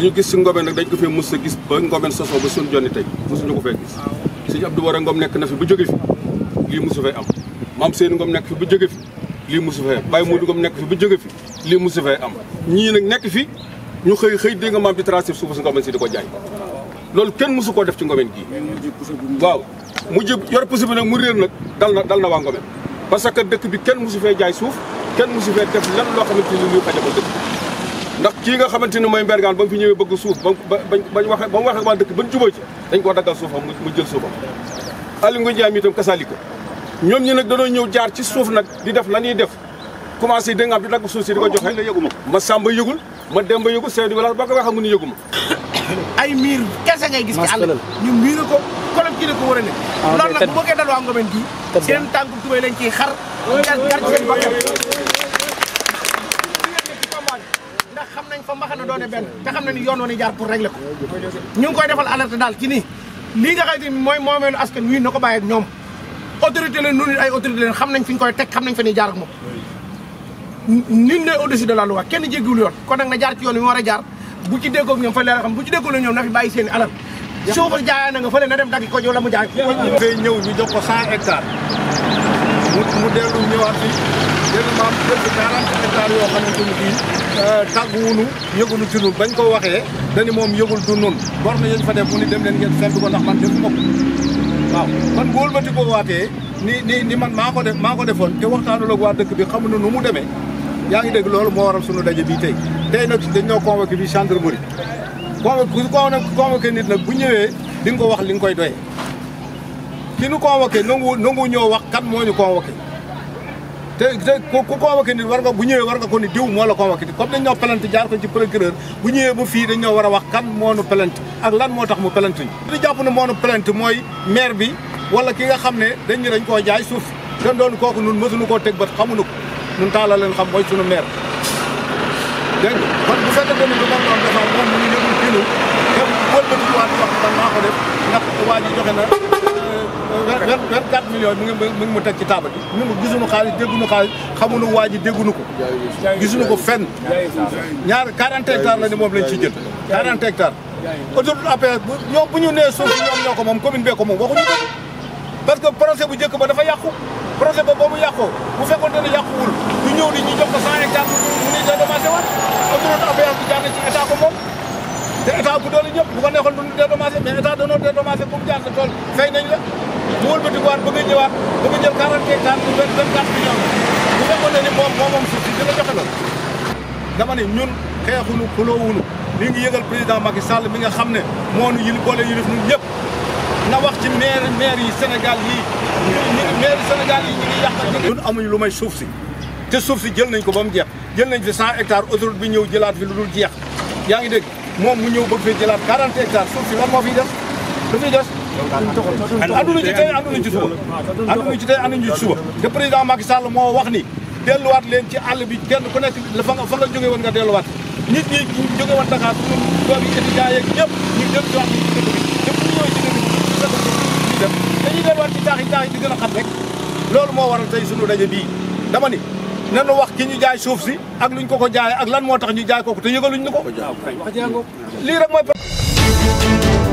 ñu gis si Ngoben nag dañ ko fee mës gis ba Ngoben sosoo ba suñ jonni tey mësuñu ko fee gis sëñ Abdou Bara Ngom nekk na fi ba jóge fi lii mosu fee am maam Seyni Ngom nekk fi ba jóge fi lii mosu fee am Baye Modou Ngom nekk fi ba jóge fi lii mosu fee am ñii nekk fi ñu xëy xëy dégg nga maam di tracé suufu si Ngoben si di ko jaay lool kenn mosu koo def ci Ngoben gii waaw mu jëb yor puso bi nag mu réer nag dal na dal na waa Ngoben parce que dëkk bi kenn mosu fee jaay suuf kenn mosu fee def lan loo xamante ni ndax ki nga xamanteni moy mooy mbergaan ba fi ñëwee bëgg suuf bam bañ waxe bam mu waxee waa dëkk ci boy ci dañ ko daggal suufam mu jël suufam ali Ngouille jami mi itam kasaalika ñoom ñi da dañoo ñëw jaar ci suuf nak di def lañuy def commencé da nga am di dagg suuf ci diko ko joxe ma samba yëgul ma demba ba yëgul seedi wala bako ko waxee mu ne yëguma ay mir kessa ngay gis ci àll ñu mir ko kolam ki la ko wara a ah, lool nak nag bu bëggee dal waa Ngomeen gi seen tanku tubay lañ ci xar gar gar seen bakkan mbaxana doone benn te xam na ni yoon woon jaar pour régler ko ñu ngi koy defal alerte daal ci nii lii nga xamante ni mooy moomeelu askan wi na ko bàyyi ak ñoom autorité leen nun ay autorité xam nañ fi ñu koy teg xam nañ fa ni jaar ak moom nit ne au-dessus la loi kenn jéggiwul yoon kon nag na jaar ci yoon wi mu war a jaar bu ci ñoom fa leer bu ci ñoom na fi bàyyi seen i alal suufa jaayaan na nga fële na dem daggi ko jow la mu jaay fay ñëw ñu jox ko cent mu mu dellu ñëwaat fi dellu maam jël fi 40 hectares yoo xamante ni bii euh, tàgguwunu yëgunu ci nun bañ koo waxee dañu moom yëgul du nun bor na fa def mu ni dem leen ngeen seetlu ko ndax man def mokk waaw man wóolu ma ti ko waatee ni ni ni man maa ko def maa ko defoon te waxtaanul ak waa dëkk bi xamuñu nu mu demee yaa ngi dégg loolu moo waral sunu daje bi tey tey nag dañoo convoqué bi gendarmerie convoqué convoqué nit nag bu ñëwee di nga ko wax li nga koy doyee ki nu convoqué nangu nangu ñoo wax kan moo ñu convoqué te te ku convoqué nit war nga bu ñëwee war nga ko ni diw moo la convoqué kom dañ ñoo pelante jaar ko ci procureur bu ñëwee ba fi dañ ñoo war a wax kan moo nu pelante ak lan moo tax mu pelante ñu li jàpp ne moo nu pelante mooy maire bi wala ki nga xam ne dañ ñu dañ koo jaay suuf ten doon kooku nun mësuñu koo teg bët xamuñu ko nun taala leen xam mooy sunu maire dégg nga kon bu fekkee ne du moom noonu maa ko def ndax waa ji joxe même 4 millions mu ngi mu ngi mu teg ci taabal bi ñun gisuñu xaalis dégguñu xaalis xamuñu waa ji dégguñu ko gisuñu ko fenn ñaar 40 hectares la ni moom lañ ciy jël 40 hectares autoroute APS bu ñoom bu ñu nee suuf si ñoom ñoo ko moom commune bee ko moom waxuñu ko parce que projet bu njëkk ba dafa yàqu projet ba boobu yàqoo bu fekkoon ne yàquwul du ñëw ni ñu jox ko 100 hectares mu ni da dédommagé waat autoroute APS bi jaar na ci état ko moom te état bu doole ñëpp bu ko neexoon du dédommagé mais état danoo dédommagé bu mu jaar sa tool fay nañ la mu wëlbatikuwaat bëgg a ñëwaat bëgg a jël 40 hectares la ni dama ne ñun xeexunu xuloowunu li ngi yëgal président Macky Sall mi nga xam ne moo nu yili boole yilif ñun ñëpp na wax ci maire maire yi Sénégal yii ñu ngi maire Sénégal yi ñun amuñu lu may suuf si te suuf si jël nañ ko ba mu jeex jël nañ fi 100 hectares autoroute bi ñëw jëlaat fi lu dul jeex yaa ngi dégg moom mu ñëw bëgg fee jëlaat 40 hectares suuf si lan moo fiy def lu fiy anduñu ci tey anduñu ci suba anduñu ci tey anduñu ci suba te président Macky Sall moo wax ni delluwaat leen ci àll bi kenn ku nekk fa nga fa nga jóge woon nga delluwaat nit ñi jóge woon Dakar suñu doom yi étudiants yeeg ñëpp ñu dem ci wax ci dëkk bi delluwaat ci taax yi taax yi rek loolu moo waral tey daje bii dama ni nanu wax ki ñu jaay suuf si ak luñ ko ko jaay ak lan moo tax ñu jaay kooku te yëgaluñ ñu ko lii rek mooy